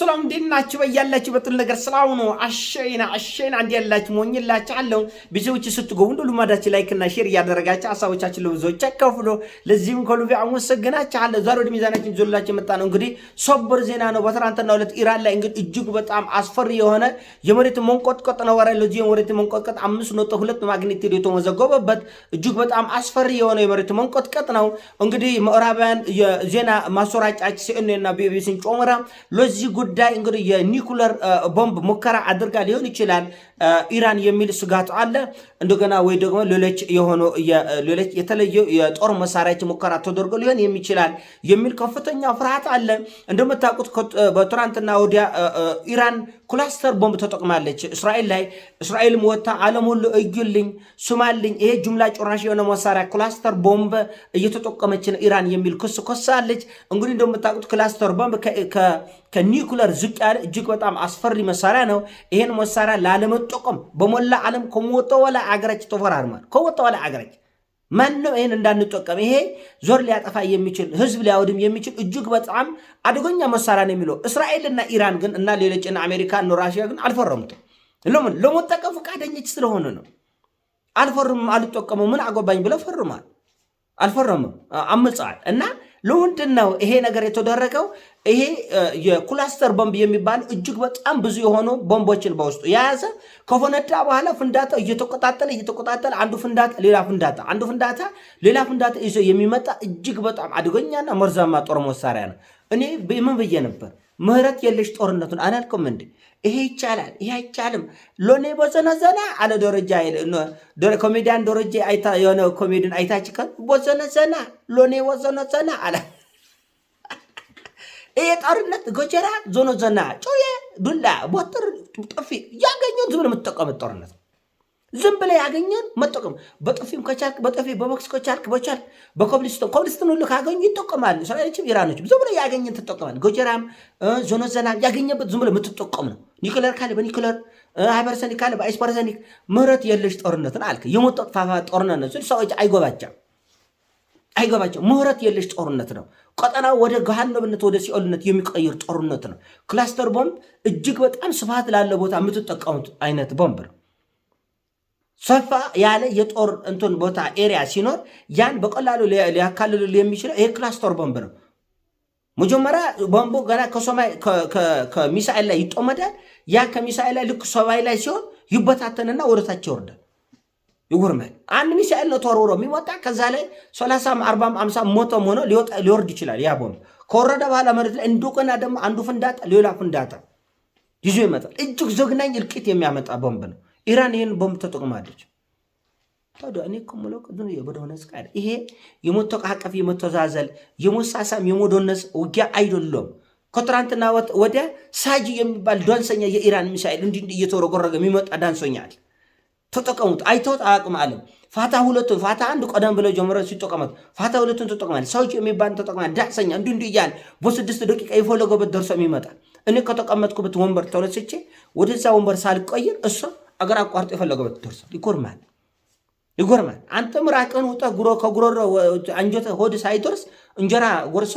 ሰላም እንዴት ናችሁ? በያላችሁበት ሁሉ ነገር ስላው ነው። አሸይና አሸይና እንዲ ያላችሁ ሞኝላችኋለሁ። ብዙዎች ስትገቡ እንደ ላይክ እና ሼር እያደረጋችሁ ሀሳቦቻችን ለብዙዎች አካፍሉ። ለዚህም ከልብ አመሰግናችኋለሁ። ዛሬ ወደ ሚዛናችን ዞላችሁ የመጣ ነው እንግዲህ ሰበር ዜና ነው። በትናንትናው ሁለት ኢራን ላይ እንግዲህ እጅግ በጣም አስፈሪ የሆነ የመሬት መንቆጥቆጥ ነው ወራ ለዚህ የመሬት መንቆጥቆጥ አምስት ነጥብ ሁለት ማግኒቲዩድ የተመዘገበበት እጅግ በጣም አስፈሪ የሆነ የመሬት መንቆጥቀጥ ነው። እንግዲህ ምዕራባውያን የዜና ማሰራጫችን ሲኤንኤንና ቢቢሲን ጮምራ ለዚህ ጉዳይ እንግዲህ የኒኩለር ቦምብ ሙከራ አድርጋ ሊሆን ይችላል ኢራን የሚል ስጋቱ አለ። እንደገና ወይ ደግሞ ሌሎች የሆኑ ሌሎች የተለየ የጦር መሳሪያዎች ሙከራ ተደርጎ ሊሆን የሚችላል የሚል ከፍተኛ ፍርሃት አለ። እንደምታውቁት በትናንትና ወዲያ ኢራን ክላስተር ቦምብ ተጠቅማለች እስራኤል ላይ። እስራኤል ወታ አለም ሁሉ እዩልኝ ስማልኝ፣ ይሄ ጅምላ ጭራሽ የሆነ መሳሪያ ክላስተር ቦምብ እየተጠቀመችን ኢራን የሚል ክስ ኮሳለች። እንግዲህ እንደምታውቁት ክላስተር ቦምብ ከኒኩ ኒኩለር ዝቅ ያለ እጅግ በጣም አስፈሪ መሳሪያ ነው። ይህን መሳሪያ ላለመጠቀም በሞላ ዓለም ከሞተ ወላ አገረች ተፈራርሟል። ከወጣ ወላ አገረች ማንም ይህን እንዳንጠቀም። ይሄ ዞር ሊያጠፋ የሚችል ህዝብ ሊያወድም የሚችል እጅግ በጣም አደገኛ መሳሪያ ነው የሚለው እስራኤል እና ኢራን ግን እና ሌሎች እና አሜሪካ እና ራሽያ ግን አልፈረሙትም። ለምን ለመጠቀም ፈቃደኞች ስለሆነ ነው። አልፈርምም፣ አልጠቀመው ምን አጎባኝ ብለው ፈርማል። አልፈረምም፣ አምፀዋል እና ለምንድን ነው ይሄ ነገር የተደረገው? ይሄ የክላስተር ቦምብ የሚባል እጅግ በጣም ብዙ የሆኑ ቦምቦችን በውስጡ የያዘ ከፈነዳ በኋላ ፍንዳታ እየተቆጣጠለ እየተቆጣጠለ አንዱ ፍንዳታ ሌላ ፍንዳታ አንዱ ፍንዳታ ሌላ ፍንዳታ ይዞ የሚመጣ እጅግ በጣም አደገኛና መርዛማ ጦር መሳሪያ ነው። እኔ ምን ብዬ ነበር ምህረት የለሽ ጦርነቱን አላልኩም እንዴ? ይሄ ይቻላል፣ ይሄ አይቻልም። ሎኔ ቦዘነ ዘና አለ ደረጃ ኮሜዲያን ደረጃ የሆነ ኮሜዲን አይታችከ ቦዘነ ዘና ሎሌ ቦዘነ ዘና አለ። ይሄ ጦርነት ጎጀራ ዞኖ ዘና ጮዬ ዱላ ቦትር ጥፊ ያገኘውን ዝም የምትጠቀምት ጦርነት ዝም ብለህ ያገኘን መጠቀም በጥፊም ከቻልክ በጥፊ በቦክስ ከቻልክ በቻልክ በኮብልስቶን ኮብልስቶን ሁሉ ካገኙ ይጠቀማሉ። እስራኤሎችም ኢራኖችም ዝም ብለህ ያገኘን ትጠቀማል። ጎጀራም ዞኖዘናም ያገኘበት ዝም ብለህ የምትጠቀም ነው። ኒክለር ካለ በኒክለር ሃይፐርሰኒክ ካለ በአይስፐርሰኒክ ምህረት የለሽ ጦርነትን አልክ። የመጠፋፋ ጦርነት ነው። ሰዎች አይጎባቸውም አይገባቸው ምህረት የለሽ ጦርነት ነው። ቀጠናው ወደ ገሃነብነት ወደ ሲኦልነት የሚቀይር ጦርነት ነው። ክላስተር ቦምብ እጅግ በጣም ስፋት ላለ ቦታ የምትጠቀሙት አይነት ቦምብ ነው። ሰፋ ያለ የጦር እንትን ቦታ ኤሪያ ሲኖር ያን በቀላሉ ሊያካልሉ የሚችለው ይሄ ክላስተር ቦምብ ነው። መጀመሪያ ቦምቡ ገና ከሚሳኤል ላይ ይጦመዳል። ያ ከሚሳኤል ላይ ልክ ሰማይ ላይ ሲሆን ይበታተንና ወደታች ይወርዳል፣ ይጉርመል አንድ ሚሳኤል ነው ተወርውሮ የሚወጣ ከዛ ላይ ሰላሳም አርባም አምሳም ሞቶም ሆኖ ሊወርድ ይችላል። ያ ቦምብ ከወረደ በኋላ መሬት ላይ እንደገና ደግሞ አንዱ ፍንዳታ ሌላ ፍንዳታ ይዞ ይመጣል። እጅግ ዘግናኝ እልቂት የሚያመጣ ቦምብ ነው። ኢራን ይህን ቦምብ ተጠቅማለች። ታዲያ እኔ እኮ የምለው ቅድም የበደነስ ቃል ይሄ የመተቃቀፍ የመተዛዘል የመሳሳም የመደነስ ውጊያ አይደለም። ከትራንትና ወዲያ ሳጅ የሚባል ዳንሰኛ የኢራን ሚሳኤል እንዲ እየተወረጎረገ የሚመጣ ዳንሰኛ አለ። ተጠቀሙት። አይተውት አያውቅም ዓለም ፋታ ሁለቱን ፋታ አንድ ቀደም ብለው ጀምረ ሲጠቀመት ፋታ ሁለቱን ተጠቅማል። ሰዎች የሚባል ተጠቅማል። ዳንሰኛ እንዲ እንዲ እያለ በስድስት ደቂቃ የፈለገበት ደርሶ የሚመጣ እኔ ከተቀመጥኩበት ወንበር ተነስቼ ወደዛ ወንበር ሳልቆይር እሷ አገር አቋርጦ የፈለገው ትደርሰው። ይጎርማል ይጎርማል። አንተ ምራቅን ውጠ ጉሮ ከጉሮሮ አንጀት ሆድ ሳይደርስ እንጀራ ጎርሰ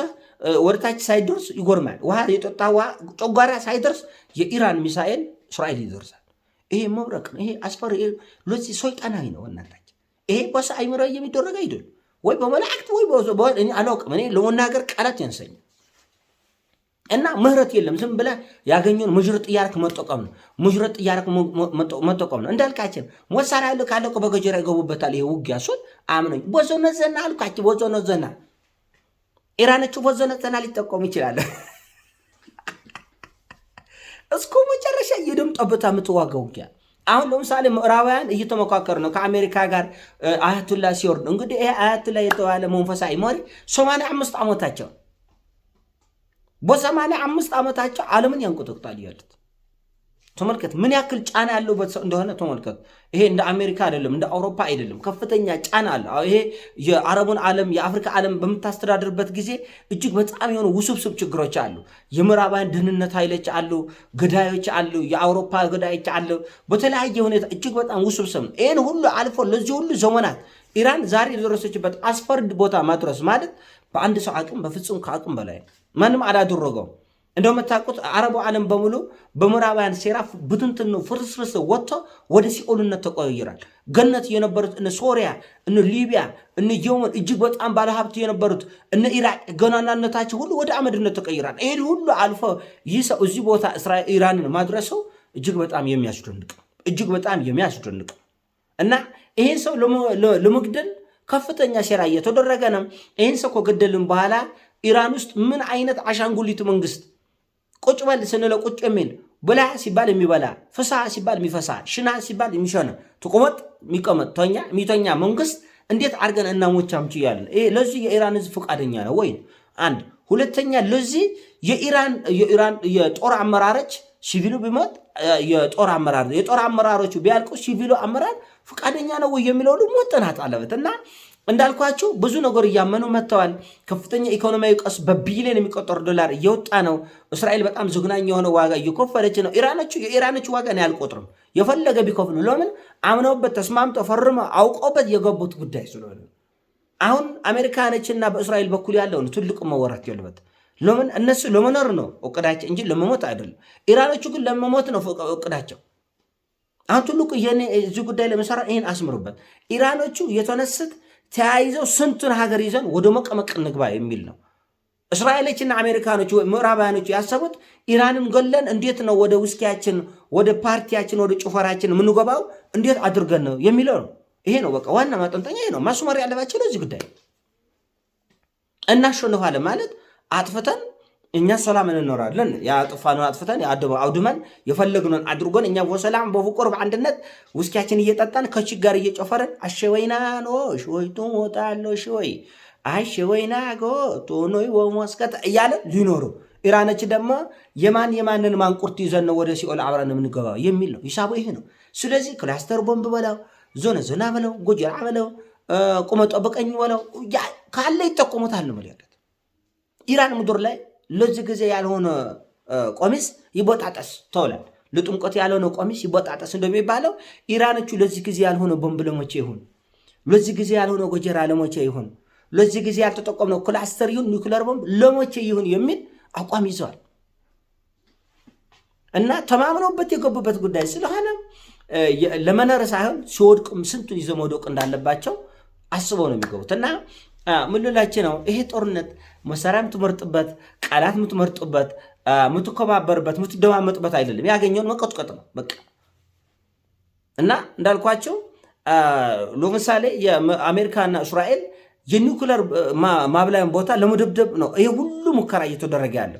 ወደታች ሳይደርስ ይጎርማል። ውሃ የጠጣ ውሃ ጨጓራ ሳይደርስ የኢራን ሚሳኤል እስራኤል ይደርሳል። ይሄ መብረቅ ነው። ይሄ አስፈሪ ሎዚ ሰይጣናዊ ነው። እናታችን ይሄ በሰ አይምሮ የሚደረግ አይደል ወይ በመላእክት ወይ አላውቅም እኔ ለመናገር ቃላት ያንሰኛል። እና ምህረት የለም። ዝም ብለህ ያገኘውን ሙጅርጥ እያደረክ መጠቀም ነው። ሙጅርጥ እያደረክ መጠቀም ነው። እንዳልካችን መሳሪያ ያለ ካለቆ በገጀራ ይገቡበታል። ይሄ ውጊያ ሶል አምነኝ ቦዞ ነዘና አልኳቸው። ቦዞ ነዘና ኢራኖቹ ቦዞ ነዘና ሊጠቀሙ ይችላል። እስኩ መጨረሻ የደም ጠብታ የምትዋጋ ውጊያ አሁን ለምሳሌ ምዕራባውያን እየተመካከሩ ነው ከአሜሪካ ጋር አያቱላ ሲወርድ እንግዲህ ይሄ አያቱላ የተባለ መንፈሳዊ መሪ ሰማንያ አምስት ዓመታቸው በሰማንያ አምስት ዓመታቸው ዓለምን ያንቆጠቁጣል እያሉት ተመልከት፣ ምን ያክል ጫና ያለው እንደሆነ ተመልከት። ይሄ እንደ አሜሪካ አይደለም፣ እንደ አውሮፓ አይደለም። ከፍተኛ ጫና አለ። ይሄ የአረቡን ዓለም የአፍሪካ ዓለም በምታስተዳድርበት ጊዜ እጅግ በጣም የሆኑ ውስብስብ ችግሮች አሉ። የምዕራባን ደህንነት ኃይሎች አሉ፣ ገዳዮች አሉ፣ የአውሮፓ ገዳዮች አሉ። በተለያየ ሁኔታ እጅግ በጣም ውስብስብ ነው። ይህን ሁሉ አልፎ ለዚህ ሁሉ ዘመናት ኢራን ዛሬ የደረሰችበት አስፈርድ ቦታ ማድረስ ማለት በአንድ ሰው አቅም በፍጹም ከአቅም በላይ ነው። ማንም አላደረገው። እንደምታውቁት አረቡ ዓለም በሙሉ በምዕራባውያን ሴራ ብትንትን ፍርስፍርስ ወጥቶ ወደ ሲኦልነት ተቆይራል። ገነት የነበሩት እነ ሶሪያ፣ እነ ሊቢያ፣ እነ የመን እጅግ በጣም ባለሀብት የነበሩት እነ ኢራቅ ገናናነታቸው ሁሉ ወደ አመድነት ተቀይራል። ይሄ ሁሉ አልፎ ይህ ሰው እዚህ ቦታ እስራኤል ኢራንን ማድረሰው እጅግ በጣም የሚያስደንቅ እጅግ በጣም የሚያስደንቅ እና ይህን ሰው ለመግደል ከፍተኛ ሴራ እየተደረገ ነው። ይህን ሰው ከገደልን በኋላ ኢራን ውስጥ ምን አይነት አሻንጉሊት መንግስት ቁጭ በል ስንለው ቁጭ የሚል ብላ ሲባል የሚበላ ፍሳ ሲባል የሚፈሳ ሽና ሲባል የሚሸነ ትቁመጥ የሚቀመጥ ተኛ የሚተኛ መንግስት እንዴት አድርገን እናሞች አምችያለን? ይሄ ለዚህ የኢራን ህዝብ ፈቃደኛ ነው ወይ? አንድ ሁለተኛ፣ ለዚህ የኢራን የጦር አመራሮች ሲቪሉ ቢሞት የጦር አመራር የጦር አመራሮቹ ቢያልቁ ሲቪሉ አመራር ፈቃደኛ ነው ወይ የሚለው ደግሞ ጥናት አለበት እና እንዳልኳችሁ ብዙ ነገር እያመኑ መጥተዋል። ከፍተኛ ኢኮኖሚያዊ ቀውስ በቢሊዮን የሚቆጠሩ ዶላር እየወጣ ነው። እስራኤል በጣም ዘግናኝ የሆነ ዋጋ እየከፈለች ነው። የኢራኖች ዋጋ እኔ አልቆጥርም፣ የፈለገ ቢከፍሉ። ለምን አምነውበት ተስማምተው ፈርመው አውቀውበት የገቡት ጉዳይ ስለሆነ አሁን አሜሪካ አሜሪካኖችና በእስራኤል በኩል ያለውን ትልቁ መወራት ያለበት ለምን እነሱ ለመኖር ነው እቅዳቸው እንጂ ለመሞት አይደለም። ኢራኖቹ ግን ለመሞት ነው እቅዳቸው። አሁን ትልቁ እዚህ ጉዳይ ለመሰራ ይህን አስምሩበት። ኢራኖቹ የተነሱት ተያይዘው ስንቱን ሀገር ይዘን ወደ መቀመቅ እንግባ የሚል ነው። እስራኤሎችና አሜሪካኖች ወይ ምዕራባውያኖች ያሰቡት ኢራንን ገለን እንዴት ነው ወደ ውስኪያችን፣ ወደ ፓርቲያችን፣ ወደ ጭፈራችን የምንገባው እንዴት አድርገን ነው የሚለው ነው። ይሄ ነው በቃ ዋና ማጠንጠኛ ይሄ ነው። ማስመሪያ ያለባቸው እዚህ ጉዳይ እናሸንፋለን ማለት አጥፍተን እኛ ሰላም እንኖራለን። ያጥፋነውን አጥፍተን አውድመን የፈለግነውን አድርጎን እኛ በሰላም በፍቁር በአንድነት ውስኪያችን እየጠጣን ከችጋር እየጨፈረን አሸወይና ኖ ሽወይ ወጣለ ሽወይ አሸወይና ጎ ቶኖይ ወሞስከት እያለ ሊኖሩ ኢራነች ደግሞ የማን የማንን ማንቁርት ይዘን ወደ ሲኦል አብረን የምንገባ የሚል ነው ሂሳቡ ይሄ ነው። ስለዚህ ክላስተር ቦምብ በላው ዞነ ዞና በለው ጎጀራ በለው ቁመጦ በቀኝ በለው ካለ ይጠቁሙታል ነው ኢራን ምድር ላይ ለዚህ ጊዜ ያልሆነ ቆሚስ ይበጣጠስ ተውላል። ለጥምቀት ያልሆነ ቆሚስ ይበጣጠስ እንደሚባለው ኢራኖቹ ለዚህ ጊዜ ያልሆነ ቦምብለሞቼ ይሁን፣ ለዚህ ጊዜ ያልሆነ ጎጀራ ለሞቼ ይሁን፣ ለዚህ ጊዜ ያልተጠቀምነው ክላስተር ይሁን ኒውክለር ቦምብ ለሞቼ ይሁን የሚል አቋም ይዘዋል እና ተማምነውበት የገቡበት ጉዳይ ስለሆነ ለመኖር ሳይሆን ሲወድቅም ስንቱን ይዘው መውደቅ እንዳለባቸው አስበው ነው የሚገቡት እና ምን ነው ይሄ ጦርነት መሳሪያ የምትመርጥበት፣ ቃላት የምትመርጡበት፣ የምትከባበርበት፣ የምትደማመጡበት አይደለም። ያገኘውን መቀጥቀጥ ነው በቃ። እና እንዳልኳቸው ለምሳሌ የአሜሪካና እስራኤል የኒኩለር ማብላያን ቦታ ለመደብደብ ነው ይሄ ሁሉ ሙከራ እየተደረገ ያለ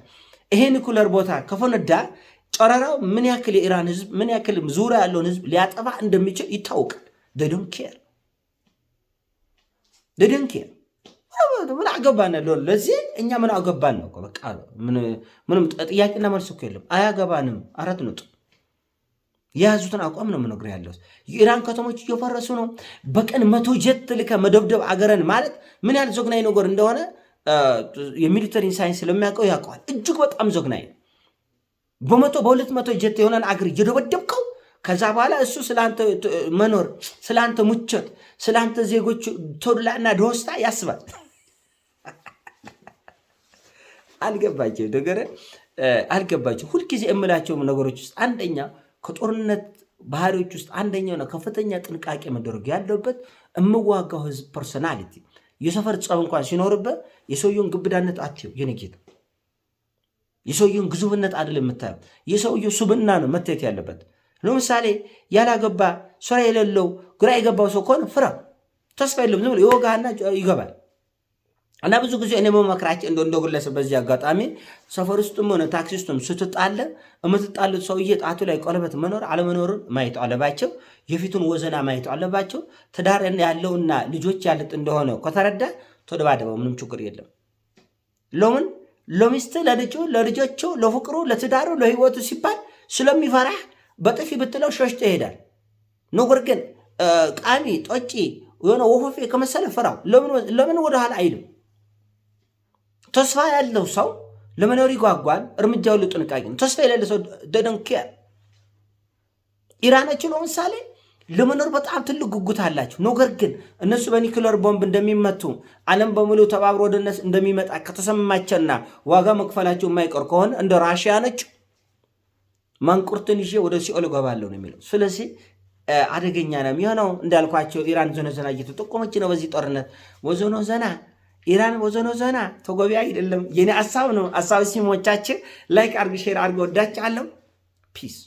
ይሄ ኒኩለር ቦታ ከፈነዳ ጨረራው ምን ያክል የኢራን ህዝብ ምን ያክል ዙሪያ ያለውን ህዝብ ሊያጠፋ እንደሚችል ይታወቃል። ደደንኬር ደደንኬር ምን አገባን? ለዚህ እኛ ምን አገባን ነው። በቃ ምንም ጥያቄና መልስ እኮ የለም። አያገባንም። አራት ነጥብ የያዙትን አቋም ነው ምነግር ያለው። የኢራን ከተሞች እየፈረሱ ነው። በቀን መቶ ጀት ልከ መደብደብ አገረን ማለት ምን ያህል ዘግናኝ ነገር እንደሆነ የሚሊተሪ ሳይንስ ስለሚያውቀው ያውቀዋል። እጅግ በጣም ዘግናኝ በመቶ በሁለት መቶ ጀት የሆነን አገር እየደበደብከው ከዛ በኋላ እሱ ስለአንተ መኖር ስለአንተ ሙቸት ስለአንተ ዜጎች ተድላና ድሆስታ ያስባል። አልገባቸው ደገረ አልገባቸው። ሁልጊዜ የምላቸው ነገሮች ውስጥ አንደኛ ከጦርነት ባህሪዎች ውስጥ አንደኛውና ከፍተኛ ጥንቃቄ መደረግ ያለበት የምዋጋው ህዝብ ፐርሶናሊቲ የሰፈር ጸብ እንኳን ሲኖርበት የሰውየውን ግብዳነት አትየው። የንጌት የሰውየውን ግዙፍነት አይደል የምታየው፣ የሰውየው ሱብና ነው መታየት ያለበት። ለምሳሌ ያላገባ ስራ የሌለው ግራ የገባው ሰው ከሆነ ፍራ፣ ተስፋ የለም። ዝም ብሎ ይገባል። እና ብዙ ጊዜ እኔ መመክራቸው እንደ እንደ ግለሰብ በዚህ አጋጣሚ ሰፈር ውስጥም ሆነ ታክሲ ውስጥም ስትጣለ የምትጣሉት ሰውዬ ጣቱ ላይ ቀለበት መኖር አለመኖርን ማየት አለባቸው። የፊቱን ወዘና ማየት አለባቸው። ትዳር ያለውና ልጆች ያለጥ እንደሆነ ከተረዳ ተደባደበው፣ ምንም ችግር የለም። ለምን ለሚስት ለልጁ ለልጆቹ ለፍቅሩ ለትዳሩ ለህይወቱ ሲባል ስለሚፈራህ በጥፊ ብትለው ሸሽቶ ይሄዳል። ነገር ግን ቃሚ ጦጪ የሆነ ወፈፌ ከመሰለ ፈራው ለምን ወደኋላ አይልም። ተስፋ ያለው ሰው ለመኖር ይጓጓል። እርምጃ ሁሉ ጥንቃቄ ነው። ተስፋ የሌለ ሰው ደደንኪያ ኢራኖችን ለምሳሌ ለመኖር በጣም ትልቅ ጉጉት አላቸው። ነገር ግን እነሱ በኒክለር ቦምብ እንደሚመቱ ዓለም በሙሉ ተባብሮ ወደ እነሱ እንደሚመጣ ከተሰማቸውና ዋጋ መክፈላቸው የማይቀር ከሆነ እንደ ራሽያ ነች ማንቁርትን ይዤ ወደ ሲኦል እገባለሁ ነው የሚለው። ስለዚህ አደገኛ ነው የሚሆነው። እንዳልኳቸው ኢራን ዞነ ዘና እየተጠቆመች ነው በዚህ ጦርነት ወዞኖ ዘና ኢራን ወዘኖ ዘና ተጎቢ አይደለም። የኔ ሀሳብ ነው። ሀሳብ ሲሞቻችን ላይክ አርግ፣ ሼር አርግ። ወዳች አለው ፒስ